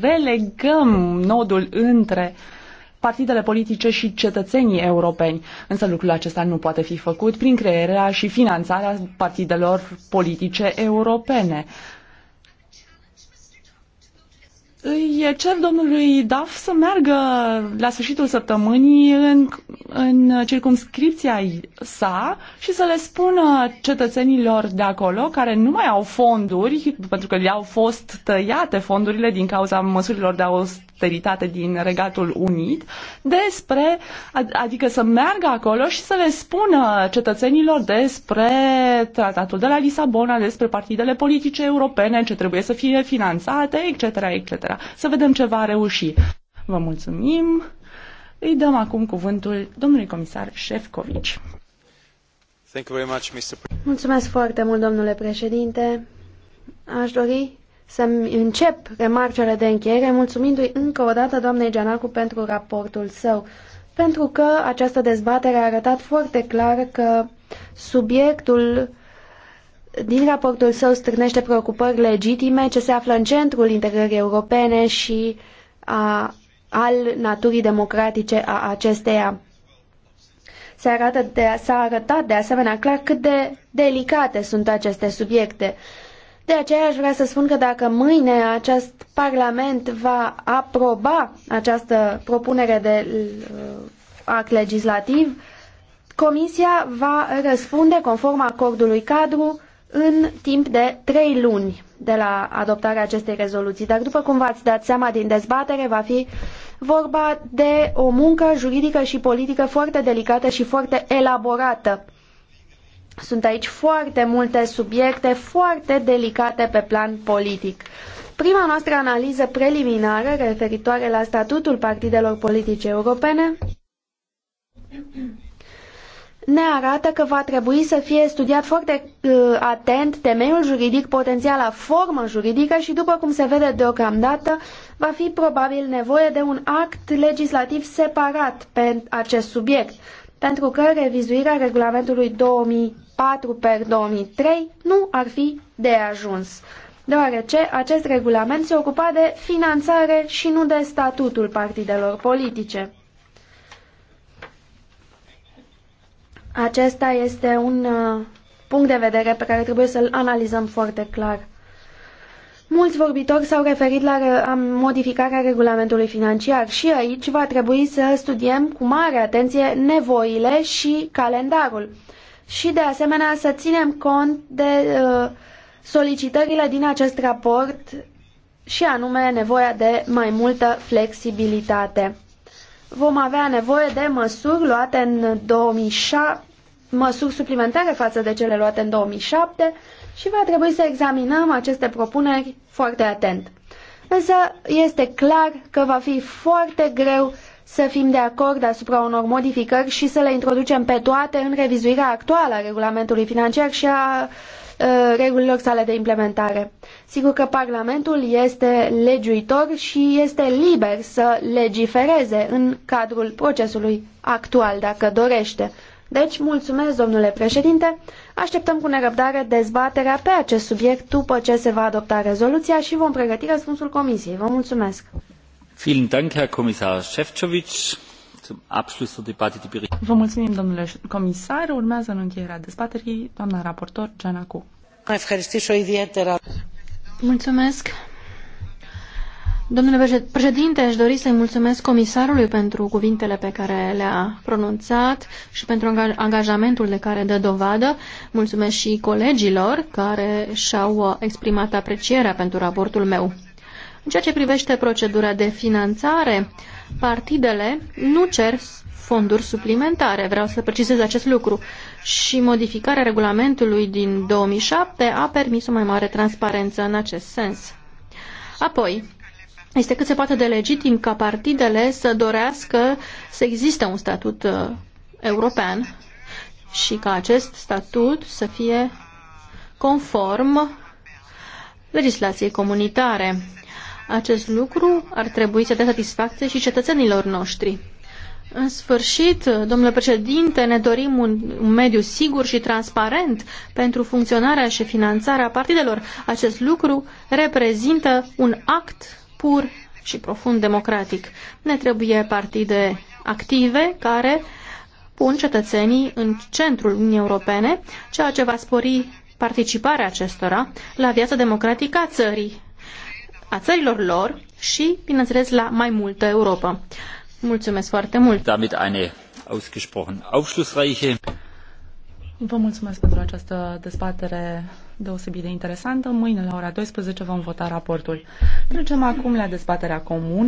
relegăm nodul între uh, partidele politice și cetățenii europeni. Însă lucrul acesta nu poate fi făcut prin crearea și finanțarea partidelor politice europene. Îi cer domnului Daf să meargă la sfârșitul săptămânii în, în circumscripția sa și să le spună cetățenilor de acolo care nu mai au fonduri, pentru că le-au fost tăiate fondurile din cauza măsurilor de austeritate austeritate din Regatul Unit, despre, adică să meargă acolo și să le spună cetățenilor despre tratatul de la Lisabona, despre partidele politice europene, ce trebuie să fie finanțate, etc., etc. Să vedem ce va reuși. Vă mulțumim. Îi dăm acum cuvântul domnului comisar Șefcovici. Mulțumesc foarte mult, domnule președinte. Aș dori să-mi încep remarcele de încheiere mulțumindu-i încă o dată doamnei Gianacu pentru raportul său, pentru că această dezbatere a arătat foarte clar că subiectul din raportul său strânește preocupări legitime ce se află în centrul integrării europene și a, al naturii democratice a acesteia. de, s-a arătat de asemenea clar cât de delicate sunt aceste subiecte. De aceea aș vrea să spun că dacă mâine acest Parlament va aproba această propunere de uh, act legislativ, Comisia va răspunde conform acordului cadru în timp de trei luni de la adoptarea acestei rezoluții. Dar după cum v-ați dat seama din dezbatere, va fi vorba de o muncă juridică și politică foarte delicată și foarte elaborată sunt aici foarte multe subiecte foarte delicate pe plan politic. Prima noastră analiză preliminară referitoare la statutul partidelor politice europene ne arată că va trebui să fie studiat foarte uh, atent temeiul juridic, potențiala formă juridică și, după cum se vede deocamdată, va fi probabil nevoie de un act legislativ separat pe acest subiect, pentru că revizuirea regulamentului 2000 4 per 2003 nu ar fi de ajuns, deoarece acest regulament se ocupa de finanțare și nu de statutul partidelor politice. Acesta este un uh, punct de vedere pe care trebuie să-l analizăm foarte clar. Mulți vorbitori s-au referit la modificarea regulamentului financiar și aici va trebui să studiem cu mare atenție nevoile și calendarul și de asemenea să ținem cont de uh, solicitările din acest raport și anume nevoia de mai multă flexibilitate. Vom avea nevoie de măsuri luate în 2007, măsuri suplimentare față de cele luate în 2007 și va trebui să examinăm aceste propuneri foarte atent. Însă este clar că va fi foarte greu să fim de acord asupra unor modificări și să le introducem pe toate în revizuirea actuală a regulamentului financiar și a uh, regulilor sale de implementare. Sigur că Parlamentul este legiuitor și este liber să legifereze în cadrul procesului actual, dacă dorește. Deci, mulțumesc, domnule președinte. Așteptăm cu nerăbdare dezbaterea pe acest subiect după ce se va adopta rezoluția și vom pregăti răspunsul comisiei. Vă mulțumesc! Vă mulțumim, domnule comisar. Urmează în încheierea dezbaterii doamna raportor Gianacu. Mulțumesc. Domnule președinte, aș dori să-i mulțumesc comisarului pentru cuvintele pe care le-a pronunțat și pentru angajamentul de care dă dovadă. Mulțumesc și colegilor care și-au uh, exprimat aprecierea pentru raportul meu. În ceea ce privește procedura de finanțare, partidele nu cer fonduri suplimentare. Vreau să precizez acest lucru. Și modificarea regulamentului din 2007 a permis o mai mare transparență în acest sens. Apoi, este cât se poate de legitim ca partidele să dorească să existe un statut uh, european și ca acest statut să fie conform legislației comunitare. Acest lucru ar trebui să dea satisfacție și cetățenilor noștri. În sfârșit, domnule președinte, ne dorim un, un mediu sigur și transparent pentru funcționarea și finanțarea partidelor. Acest lucru reprezintă un act pur și profund democratic. Ne trebuie partide active care pun cetățenii în centrul Uniunii Europene, ceea ce va spori participarea acestora la viața democratică a țării a țărilor lor și, bineînțeles, la mai multă Europa. Mulțumesc foarte mult! Damit eine ausgesprochen aufschlussreiche. Vă mulțumesc pentru această dezbatere deosebit de interesantă. Mâine la ora 12 vom vota raportul. Trecem acum la dezbaterea comună.